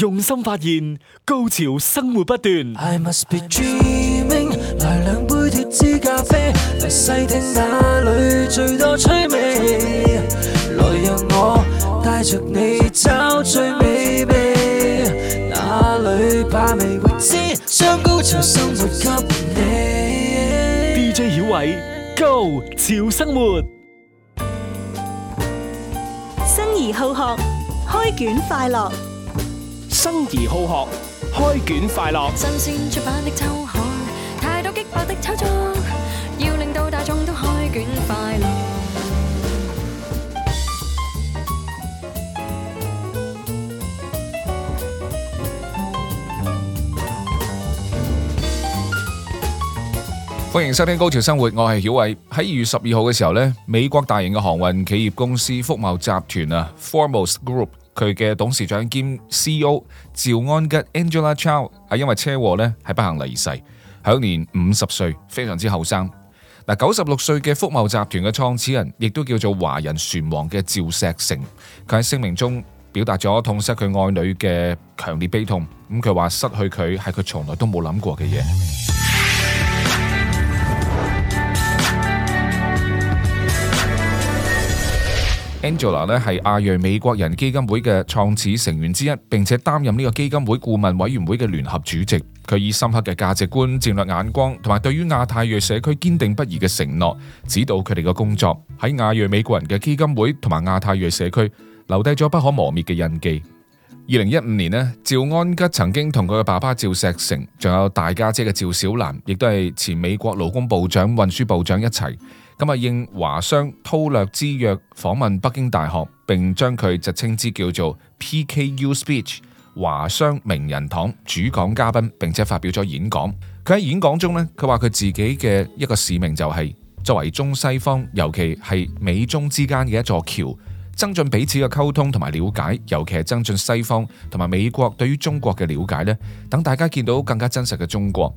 用心發現，Go 潮生活不斷。I must be dreaming，來兩杯脱脂咖啡，嚟細聽哪裏最多趣味，來讓我帶着你找最美味，哪裏把味未知，將 Go 潮生活給你。DJ 曉偉，Go 潮生活，生而好學，開卷快樂。生而好學，開卷快樂。新鮮出版的周刊，太多激烈的炒作，要令到大眾都開卷快樂。歡迎收聽《Go 潮生活》，我係曉偉。喺二月十二號嘅時候呢，美國大型嘅航運企業公司福茂集團啊，Foremost Group。佢嘅董事長兼 CEO 趙安吉 Angela Chow 係因為車禍咧係不幸離世，享年五十歲，非常之後生。嗱，九十六歲嘅福茂集團嘅創始人，亦都叫做華人船王嘅趙石成，佢喺聲明中表達咗痛失佢愛女嘅強烈悲痛。咁佢話失去佢係佢從來都冇諗過嘅嘢。Angela 咧係亞裔美國人基金會嘅創始成員之一，並且擔任呢個基金會顧問委員會嘅聯合主席。佢以深刻嘅價值觀、戰略眼光同埋對於亞太裔社區堅定不移嘅承諾，指導佢哋嘅工作，喺亞裔美國人嘅基金會同埋亞太裔社區留低咗不可磨滅嘅印記。二零一五年呢，趙安吉曾經同佢嘅爸爸趙石成，仲有大家姐嘅趙小蘭，亦都係前美國勞工部長、運輸部長一齊。咁啊，應華商韜略之約訪問北京大學，並將佢就稱之叫做 PKU Speech 華商名人堂主講嘉賓，並且發表咗演講。佢喺演講中呢，佢話佢自己嘅一個使命就係、是、作為中西方，尤其係美中之間嘅一座橋，增進彼此嘅溝通同埋了解，尤其係增進西方同埋美國對於中國嘅了解呢，等大家見到更加真實嘅中國。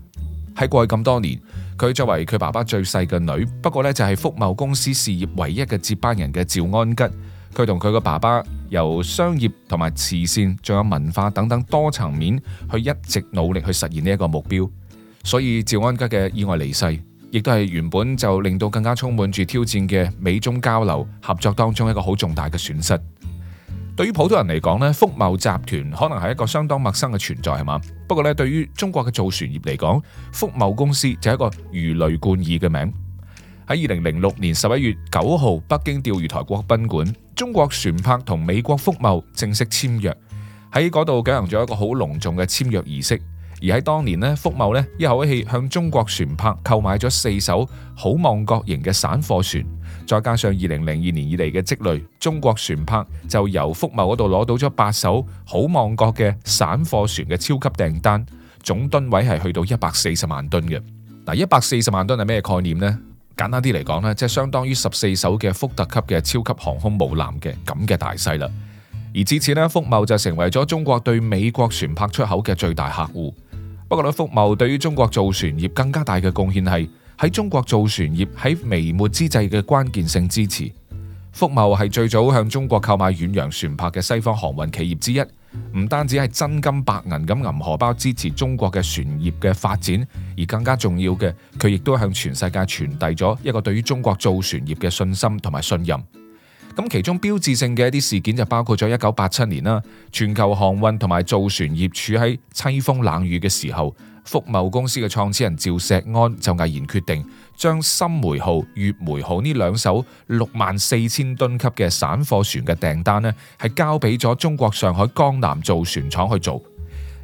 喺過去咁多年，佢作為佢爸爸最細嘅女，不過呢，就係福茂公司事業唯一嘅接班人嘅趙安吉，佢同佢個爸爸由商業同埋慈善，仲有文化等等多層面去一直努力去實現呢一個目標，所以趙安吉嘅意外離世，亦都係原本就令到更加充滿住挑戰嘅美中交流合作當中一個好重大嘅損失。對於普通人嚟講咧，福茂集團可能係一個相當陌生嘅存在，係嘛？不過咧，對於中國嘅造船業嚟講，福茂公司就係一個如雷貫耳嘅名。喺二零零六年十一月九號，北京釣魚台國賓館，中國船舶同美國福茂正式簽約，喺嗰度舉行咗一個好隆重嘅簽約儀式。而喺當年咧，福茂咧一口氣向中國船舶購買咗四艘好望角型嘅散貨船，再加上二零零二年以嚟嘅積累，中國船舶就由福茂嗰度攞到咗八艘好望角嘅散貨船嘅超級訂單，總噸位係去到一百四十萬噸嘅嗱。一百四十萬噸係咩概念呢？簡單啲嚟講呢，即係相當於十四艘嘅福特級嘅超級航空母艦嘅咁嘅大細啦。而至此呢，福茂就成為咗中國對美國船舶出口嘅最大客戶。不過呢，福茂對於中國造船業更加大嘅貢獻係喺中國造船業喺微末之際嘅關鍵性支持。福茂係最早向中國購買遠洋船舶嘅西方航運企業之一，唔單止係真金白銀咁銀荷包支持中國嘅船業嘅發展，而更加重要嘅，佢亦都向全世界傳遞咗一個對於中國造船業嘅信心同埋信任。.咁其中標誌性嘅一啲事件就包括咗一九八七年啦，全球航運同埋造船業處喺凄風冷雨嘅時候，福茂公司嘅創始人趙石安就毅然決定將深梅號、月梅號呢兩艘六萬四千噸級嘅散貨船嘅訂單呢，係交俾咗中國上海江南造船廠去做。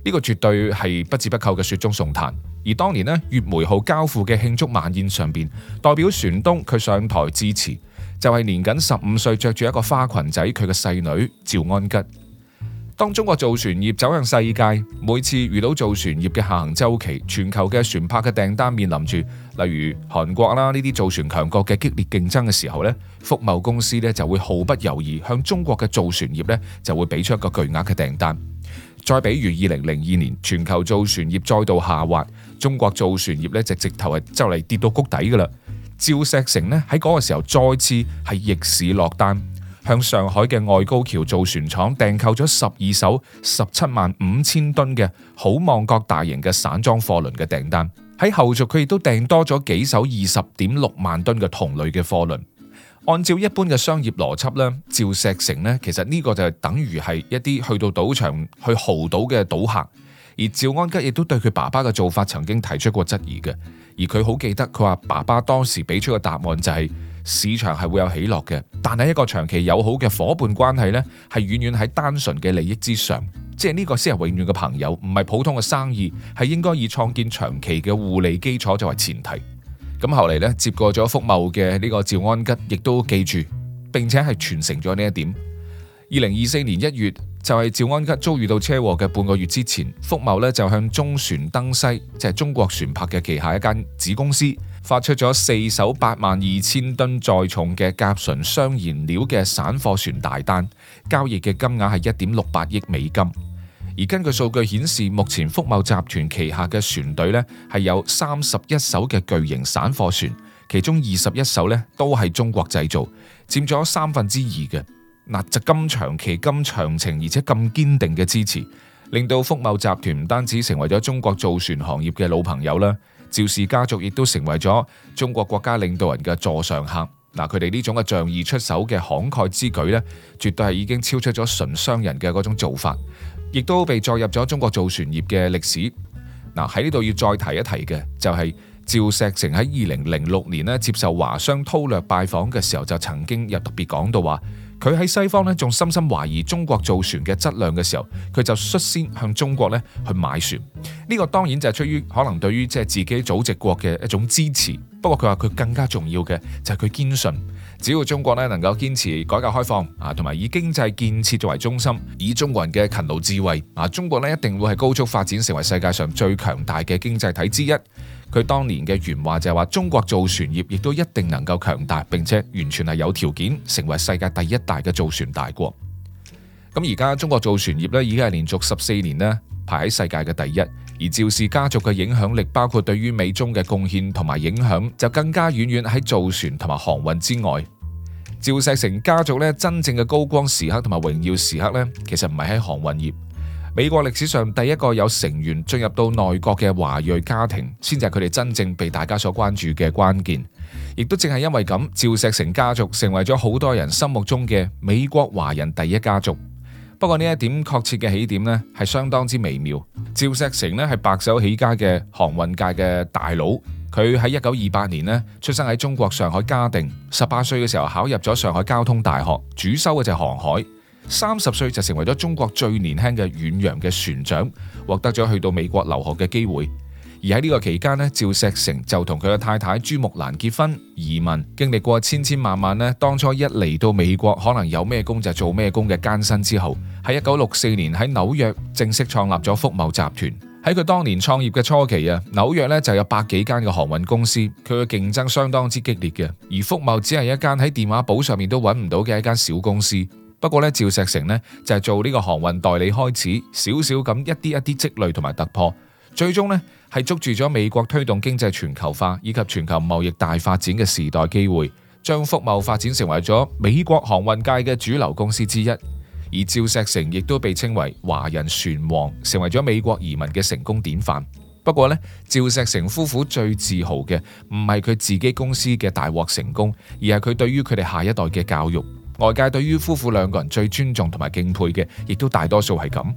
呢個絕對係不折不扣嘅雪中送炭。而當年呢，月梅號交付嘅慶祝晚宴上面，代表船東佢上台致辭。就係年僅十五歲，着住一個花裙仔，佢嘅細女趙安吉。當中國造船業走向世界，每次遇到造船業嘅下行周期，全球嘅船舶嘅訂單面臨住，例如韓國啦呢啲造船強國嘅激烈競爭嘅時候呢，福茂公司呢就會毫不猶豫向中國嘅造船業呢就會俾出一個巨額嘅訂單。再比如二零零二年，全球造船業再度下滑，中國造船業呢直直頭係就嚟跌到谷底噶啦。趙石成咧喺嗰個時候再次係逆市落單，向上海嘅外高橋造船廠訂購咗十二艘十七萬五千噸嘅好望角大型嘅散裝貨輪嘅訂單。喺後續佢亦都訂多咗幾艘二十點六萬噸嘅同類嘅貨輪。按照一般嘅商業邏輯咧，趙石成咧其實呢個就係等於係一啲去到賭場去豪賭嘅賭客。而趙安吉亦都對佢爸爸嘅做法曾經提出過質疑嘅。而佢好記得，佢話爸爸當時俾出個答案就係市場係會有起落嘅，但係一個長期友好嘅伙伴關係呢，係遠遠喺單純嘅利益之上，即係呢個先係永遠嘅朋友，唔係普通嘅生意，係應該以創建長期嘅互利基礎作為前提。咁後嚟呢，接過咗福茂嘅呢個趙安吉，亦都記住並且係傳承咗呢一點。二零二四年一月。就係趙安吉遭遇到車禍嘅半個月之前，福茂呢就向中船登西，即係中國船舶嘅旗下一間子公司，發出咗四艘八萬二千噸載重嘅甲醇雙燃料嘅散貨船大單，交易嘅金額係一點六八億美金。而根據數據顯示，目前福茂集團旗下嘅船隊呢係有三十一艘嘅巨型散貨船，其中二十一艘呢都係中國製造，佔咗三分之二嘅。嗱，那就咁長期、咁長情，而且咁堅定嘅支持，令到福茂集團唔單止成為咗中國造船行業嘅老朋友啦，趙氏家族亦都成為咗中國國家領導人嘅座上客。嗱，佢哋呢種嘅仗義出手嘅慷慨之舉呢，絕對係已經超出咗純商人嘅嗰種做法，亦都被載入咗中國造船業嘅歷史。嗱，喺呢度要再提一提嘅就係、是、趙石成喺二零零六年咧接受華商韜略拜訪嘅時候，就曾經有特別講到話。佢喺西方咧，仲深深懷疑中國造船嘅質量嘅時候，佢就率先向中國咧去買船。呢個當然就係出於可能對於即係自己祖籍國嘅一種支持。不過佢話佢更加重要嘅就係佢堅信，只要中國咧能夠堅持改革開放啊，同埋以經濟建設為中心，以中國人嘅勤勞智慧啊，中國咧一定會係高速發展成為世界上最強大嘅經濟體之一。佢當年嘅原話就係話，中國造船業亦都一定能夠強大，並且完全係有條件成為世界第一大嘅造船大國。咁而家中國造船業呢已經係連續十四年呢排喺世界嘅第一。而趙氏家族嘅影響力，包括對於美中嘅貢獻同埋影響，就更加遠遠喺造船同埋航運之外。趙世成家族咧，真正嘅高光時刻同埋榮耀時刻呢，其實唔係喺航運業。美國歷史上第一個有成員進入到內閣嘅華裔家庭，先至係佢哋真正被大家所關注嘅關鍵，亦都正係因為咁，趙錫成家族成為咗好多人心目中嘅美國華人第一家族。不過呢一點確切嘅起點呢，係相當之微妙。趙錫成呢係白手起家嘅航運界嘅大佬，佢喺一九二八年呢出生喺中國上海嘉定，十八歲嘅時候考入咗上海交通大學，主修嘅就係航海。三十歲就成為咗中國最年輕嘅遠洋嘅船長，獲得咗去到美國留學嘅機會。而喺呢個期間咧，趙錫成就同佢嘅太太朱木蘭結婚移民，經歷過千千萬萬咧，當初一嚟到美國，可能有咩工就做咩工嘅艱辛之後，喺一九六四年喺紐約正式創立咗福茂集團。喺佢當年創業嘅初期啊，紐約咧就有百幾間嘅航運公司，佢嘅競爭相當之激烈嘅。而福茂只係一間喺電話簿上面都揾唔到嘅一間小公司。不過咧，趙石成呢就係做呢個航運代理開始，少少咁一啲一啲積累同埋突破，最終呢，係捉住咗美國推動經濟全球化以及全球貿易大發展嘅時代機會，將福茂發展成為咗美國航運界嘅主流公司之一。而趙石成亦都被稱為華人船王，成為咗美國移民嘅成功典範。不過呢，趙石成夫婦最自豪嘅唔係佢自己公司嘅大獲成功，而係佢對於佢哋下一代嘅教育。外界對於夫婦兩個人最尊重同埋敬佩嘅，亦都大多數係咁。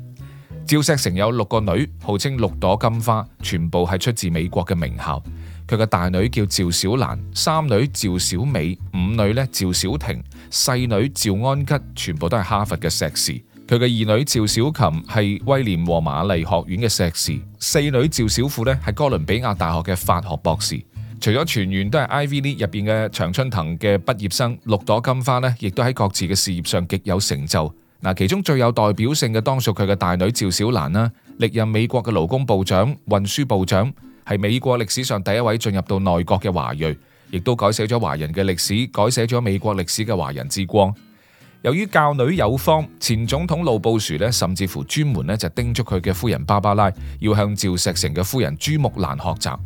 趙錫成有六個女，號稱六朵金花，全部係出自美國嘅名校。佢嘅大女叫趙小蘭，三女趙小美，五女咧趙小婷，細女趙安吉，全部都係哈佛嘅碩士。佢嘅二女趙小琴係威廉和瑪麗學院嘅碩士，四女趙小富呢係哥倫比亞大學嘅法學博士。除咗全員都係 Ivy 呢入面嘅常春藤嘅畢業生，六朵金花呢，亦都喺各自嘅事業上極有成就。嗱，其中最有代表性嘅，當屬佢嘅大女趙小蘭啦，歷任美國嘅勞工部長、運輸部長，係美國歷史上第一位進入到內閣嘅華裔，亦都改寫咗華人嘅歷史，改寫咗美國歷史嘅華人之光。由於教女有方，前總統老布殊呢，甚至乎專門呢，就叮囑佢嘅夫人芭芭拉，要向趙錫成嘅夫人朱木蘭學習。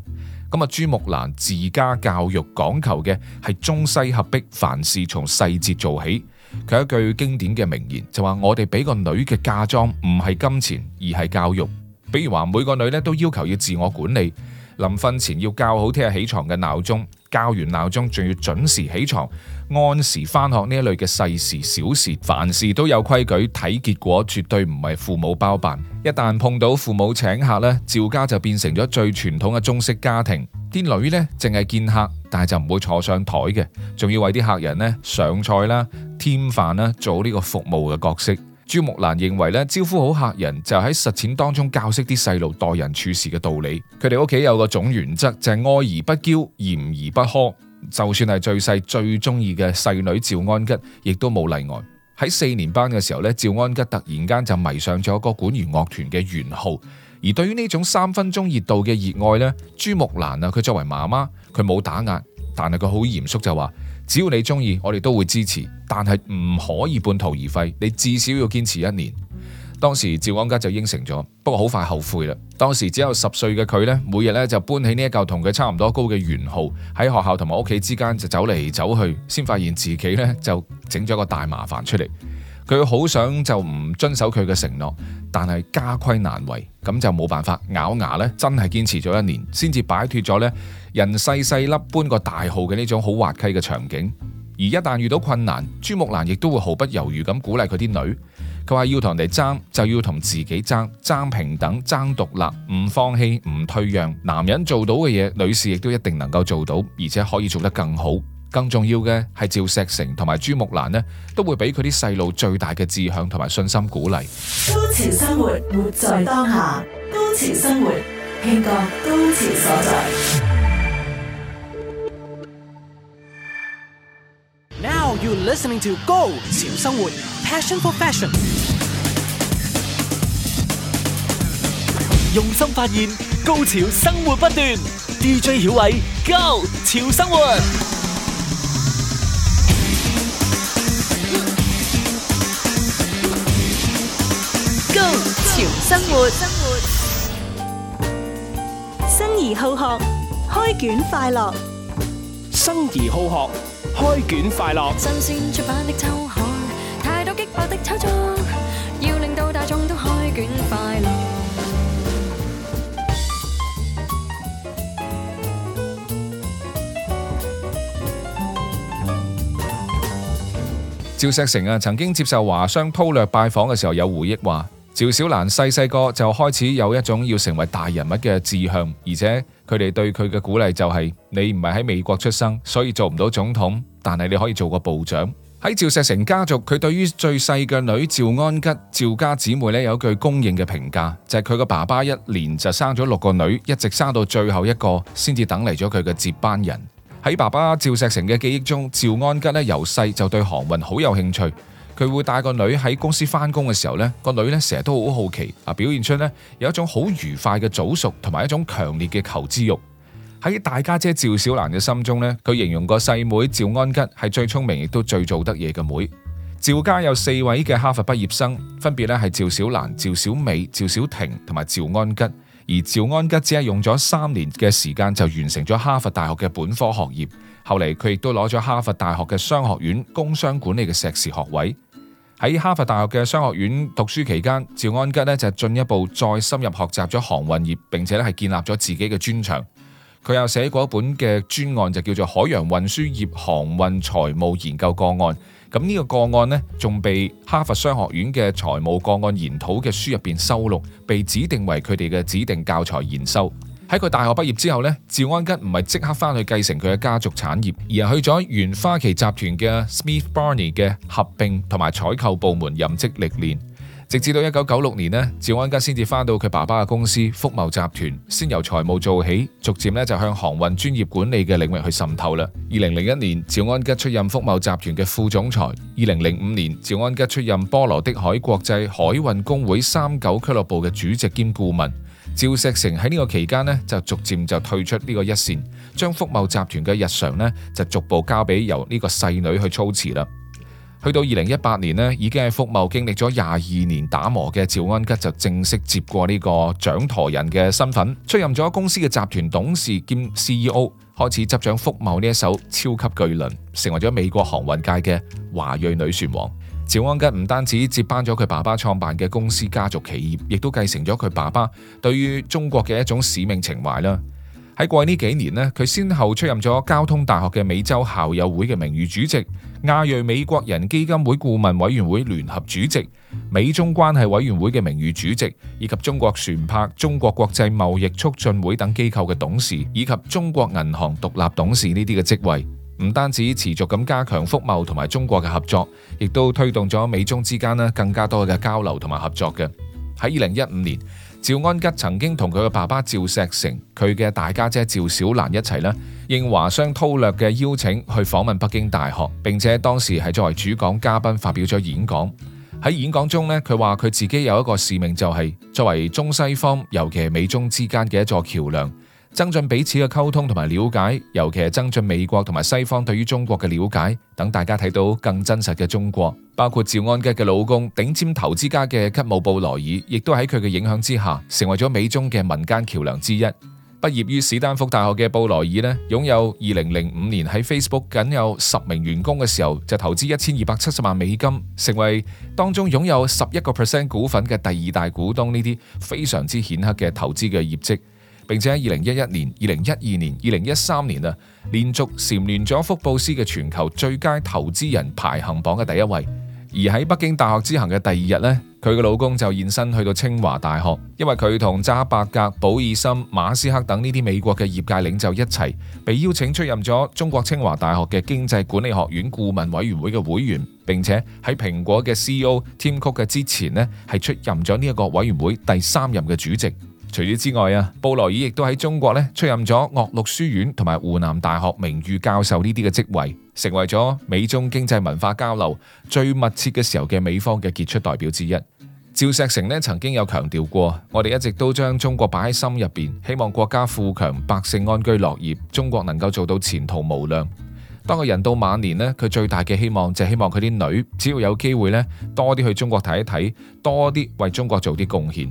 咁啊，朱木蘭自家教育講求嘅係中西合璧，凡事從細節做起。佢一句經典嘅名言就話：我哋俾個女嘅嫁妝唔係金錢，而係教育。比如話每個女呢都要求要自我管理，臨瞓前要校好聽日起床嘅鬧鐘。校完鬧鐘，仲要準時起床，按時翻學，呢一類嘅細事小事，凡事都有規矩。睇結果絕對唔係父母包辦。一旦碰到父母請客呢，趙家就變成咗最傳統嘅中式家庭。啲女呢，淨係見客，但係就唔會坐上台嘅，仲要為啲客人呢上菜啦、添飯啦，做呢個服務嘅角色。朱木蘭認為咧，招呼好客人就喺實踐當中教識啲細路待人處事嘅道理。佢哋屋企有個總原則就係愛而不驕，嚴而不苛。就算係最細最中意嘅細女趙安吉，亦都冇例外。喺四年班嘅時候咧，趙安吉突然間就迷上咗一個管弦樂團嘅圓號。而對於呢種三分鐘熱度嘅熱愛咧，朱木蘭啊，佢作為媽媽，佢冇打壓，但係佢好嚴肅就話。只要你中意，我哋都會支持，但係唔可以半途而廢。你至少要堅持一年。當時趙安吉就應承咗，不過好快後悔啦。當時只有十歲嘅佢呢，每日呢就搬起呢一嚿同佢差唔多高嘅圓號，喺學校同埋屋企之間就走嚟走去，先發現自己呢就整咗一個大麻煩出嚟。佢好想就唔遵守佢嘅承諾，但係家規難違，咁就冇辦法咬牙咧，真係堅持咗一年，先至擺脫咗咧，人細細粒搬個大號嘅呢種好滑稽嘅場景。而一旦遇到困難，朱木蘭亦都會毫不猶豫咁鼓勵佢啲女。佢話要同人哋爭，就要同自己爭，爭平等，爭獨立，唔放棄，唔退讓，男人做到嘅嘢，女士亦都一定能夠做到，而且可以做得更好。更重要嘅係趙錫成同埋朱木蘭呢，都會俾佢啲細路最大嘅志向同埋信心鼓勵。Go 潮生活活在當下，Go 潮生活聽覺高潮所在。Now you're listening to Go 潮生活，Passion for Fashion。用心發現，Go 潮生活不斷。DJ 曉偉，Go！潮生活。生活，生活。生而好學，開卷快樂。生而好學，開卷快樂。新鮮出版的週刊，太多激烈的炒作，要令到大眾都開卷快樂。趙錫成啊，曾經接受華商韜略拜訪嘅時候，有回憶話。趙小蘭細細個就開始有一種要成為大人物嘅志向，而且佢哋對佢嘅鼓勵就係、是：你唔係喺美國出生，所以做唔到總統，但係你可以做個部長。喺趙錫成家族，佢對於最細嘅女趙安吉、趙家姊妹呢，有一句公認嘅評價，就係佢嘅爸爸一年就生咗六個女，一直生到最後一個，先至等嚟咗佢嘅接班人。喺爸爸趙錫成嘅記憶中，趙安吉呢由細就對航運好有興趣。佢會帶個女喺公司翻工嘅時候呢，個女呢成日都好好奇啊，表現出呢有一種好愉快嘅早熟，同埋一種強烈嘅求知欲。喺大家姐趙小蘭嘅心中呢，佢形容個細妹，妹趙安吉係最聰明，亦都最做得嘢嘅妹，妹。趙家有四位嘅哈佛畢業生，分別呢係趙小蘭、趙小美、趙小婷同埋趙安吉。而趙安吉只係用咗三年嘅時間就完成咗哈佛大學嘅本科學業，後嚟佢亦都攞咗哈佛大學嘅商學院工商管理嘅碩士學位。喺哈佛大學嘅商學院讀書期間，趙安吉咧就進一步再深入學習咗航運業，並且咧係建立咗自己嘅專長。佢又寫過一本嘅專案，就叫做《海洋運輸業航運財務研究個案》。咁呢個個案呢，仲被哈佛商學院嘅財務個案研討嘅書入邊收錄，被指定為佢哋嘅指定教材研修。喺佢大學畢業之後呢，趙安吉唔係即刻翻去繼承佢嘅家族產業，而係去咗原花旗集團嘅 Smith Barney 嘅合併同埋採購部門任職歷練，直至到一九九六年呢，趙安吉先至翻到佢爸爸嘅公司福茂集團，先由財務做起，逐漸呢就向航運專業管理嘅領域去滲透啦。二零零一年，趙安吉出任福茂集團嘅副總裁；二零零五年，趙安吉出任波羅的海國際海運公會三九俱樂部嘅主席兼顧問。趙錫成喺呢個期間呢，就逐漸就退出呢個一線，將福茂集團嘅日常呢，就逐步交俾由呢個細女去操持啦。去到二零一八年呢，已經係福茂經歷咗廿二年打磨嘅趙安吉就正式接過呢個掌舵人嘅身份，出任咗公司嘅集團董事兼 CEO，開始執掌福茂呢一艘超級巨輪，成為咗美國航運界嘅華裔女船王。趙安吉唔單止接班咗佢爸爸創辦嘅公司家族企業，亦都繼承咗佢爸爸對於中國嘅一種使命情懷啦。喺過去呢幾年呢，佢先後出任咗交通大學嘅美洲校友會嘅名譽主席、亞裔美國人基金會顧問委員會聯合主席、美中關係委員會嘅名譽主席，以及中國船舶、中國國際貿易促進會等機構嘅董事，以及中國銀行獨立董事呢啲嘅職位。唔單止持續咁加強福茂同埋中國嘅合作，亦都推動咗美中之間更加多嘅交流同埋合作嘅。喺二零一五年，趙安吉曾經同佢嘅爸爸趙錫成、佢嘅大家姐趙小蘭一齊咧，應華商韜略嘅邀請去訪問北京大學，並且當時係作為主講嘉賓發表咗演講。喺演講中呢佢話佢自己有一個使命，就係作為中西方，尤其係美中之間嘅一座橋梁。增進彼此嘅溝通同埋了解，尤其係增進美國同埋西方對於中國嘅了解，等大家睇到更真實嘅中國。包括趙安吉嘅老公頂尖投資家嘅吉姆·布萊爾，亦都喺佢嘅影響之下，成為咗美中嘅民間橋梁之一。畢業於史丹福大學嘅布萊爾咧，擁有二零零五年喺 Facebook 僅有十名員工嘅時候，就投資一千二百七十萬美金，成為當中擁有十一個 percent 股份嘅第二大股東。呢啲非常之顯赫嘅投資嘅業績。並且喺二零一一年、二零一二年、二零一三年啊，連續蟬聯咗福布斯嘅全球最佳投資人排行榜嘅第一位。而喺北京大學之行嘅第二日呢，佢嘅老公就現身去到清華大學，因為佢同扎克伯格、保爾森、馬斯克等呢啲美國嘅業界領袖一齊，被邀請出任咗中國清華大學嘅經濟管理學院顧問委員會嘅會員。並且喺蘋果嘅 CEO Tim Cook 嘅之前呢，係出任咗呢一個委員會第三任嘅主席。除此之外啊，布萊爾亦都喺中國呢出任咗岳麓書院同埋湖南大學名譽教授呢啲嘅職位，成為咗美中經濟文化交流最密切嘅時候嘅美方嘅傑出代表之一。趙錫成呢曾經有強調過，我哋一直都將中國擺喺心入邊，希望國家富強，百姓安居樂業，中國能夠做到前途無量。當佢人到晚年呢，佢最大嘅希望就係希望佢啲女只要有機會呢，多啲去中國睇一睇，多啲為中國做啲貢獻。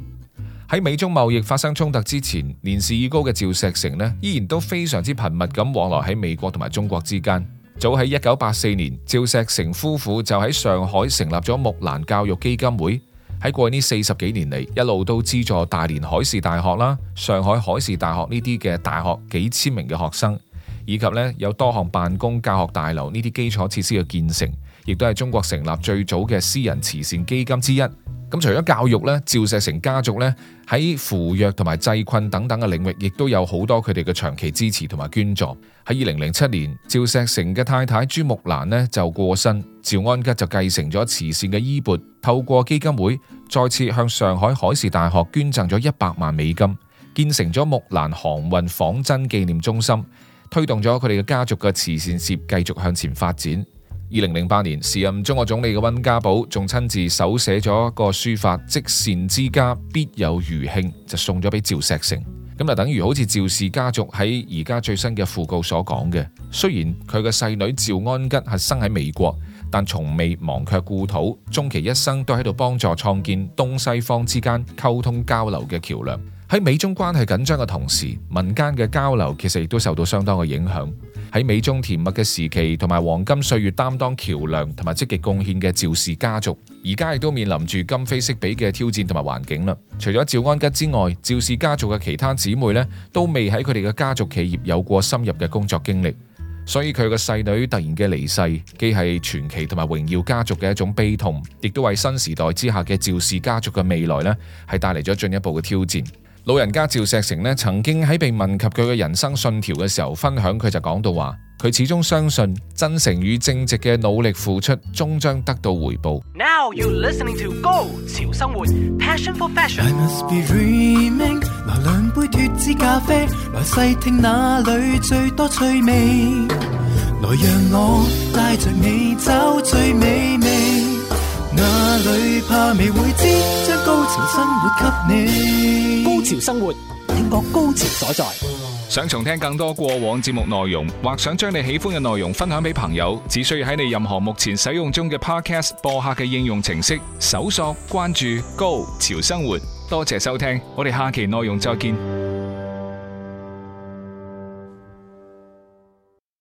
喺美中貿易發生衝突之前，年事已高嘅趙石成呢依然都非常之頻密咁往來喺美國同埋中國之間。早喺一九八四年，趙石成夫婦就喺上海成立咗木蘭教育基金會。喺過去呢四十幾年嚟，一路都資助大連海事大學啦、上海海事大學呢啲嘅大學幾千名嘅學生，以及呢有多項辦公教學大樓呢啲基礎設施嘅建成。亦都係中國成立最早嘅私人慈善基金之一。咁除咗教育呢，趙錫成家族呢喺扶弱同埋濟困等等嘅領域，亦都有好多佢哋嘅長期支持同埋捐助。喺二零零七年，趙錫成嘅太太朱木蘭呢就過身，趙安吉就繼承咗慈善嘅衣缽，透過基金會再次向上海海事大學捐贈咗一百萬美金，建成咗木蘭航運仿真紀念中心，推動咗佢哋嘅家族嘅慈善事業繼續向前發展。二零零八年，時任中國總理嘅溫家寶仲親自手寫咗一個書法：積善之家，必有餘慶，就送咗俾趙錫成。咁就等於好似趙氏家族喺而家最新嘅訃告所講嘅。雖然佢嘅細女趙安吉係生喺美國，但從未忘卻故土，終其一生都喺度幫助創建東西方之間溝通交流嘅橋樑。喺美中關係緊張嘅同時，民間嘅交流其實亦都受到相當嘅影響。喺美中甜蜜嘅時期同埋黃金歲月擔當橋梁同埋積極貢獻嘅趙氏家族，而家亦都面臨住今非昔比嘅挑戰同埋環境啦。除咗趙安吉之外，趙氏家族嘅其他姊妹呢，都未喺佢哋嘅家族企業有過深入嘅工作經歷，所以佢嘅細女突然嘅離世，既係傳奇同埋榮耀家族嘅一種悲痛，亦都為新時代之下嘅趙氏家族嘅未來呢，係帶嚟咗進一步嘅挑戰。老人家趙錫成曾經喺被問及佢嘅人生信條嘅時候，分享佢就講到話：佢始終相信真誠與正直嘅努力付出，終將得到回報。Now you're listening to Go 潮生活，passion for fashion。I must be dreaming。來兩杯脫脂咖啡，來細聽哪裏最多趣味，來讓我帶着你走最美味。哪裏怕未會知？將 Go 潮生活給你。Go 潮生活，聽覺高潮所在。想重聽更多過往節目內容，或想將你喜歡嘅內容分享俾朋友，只需要喺你任何目前使用中嘅 Podcast 播客嘅應用程式搜索關注 “Go 潮生活”。多謝收聽，我哋下期內容再見。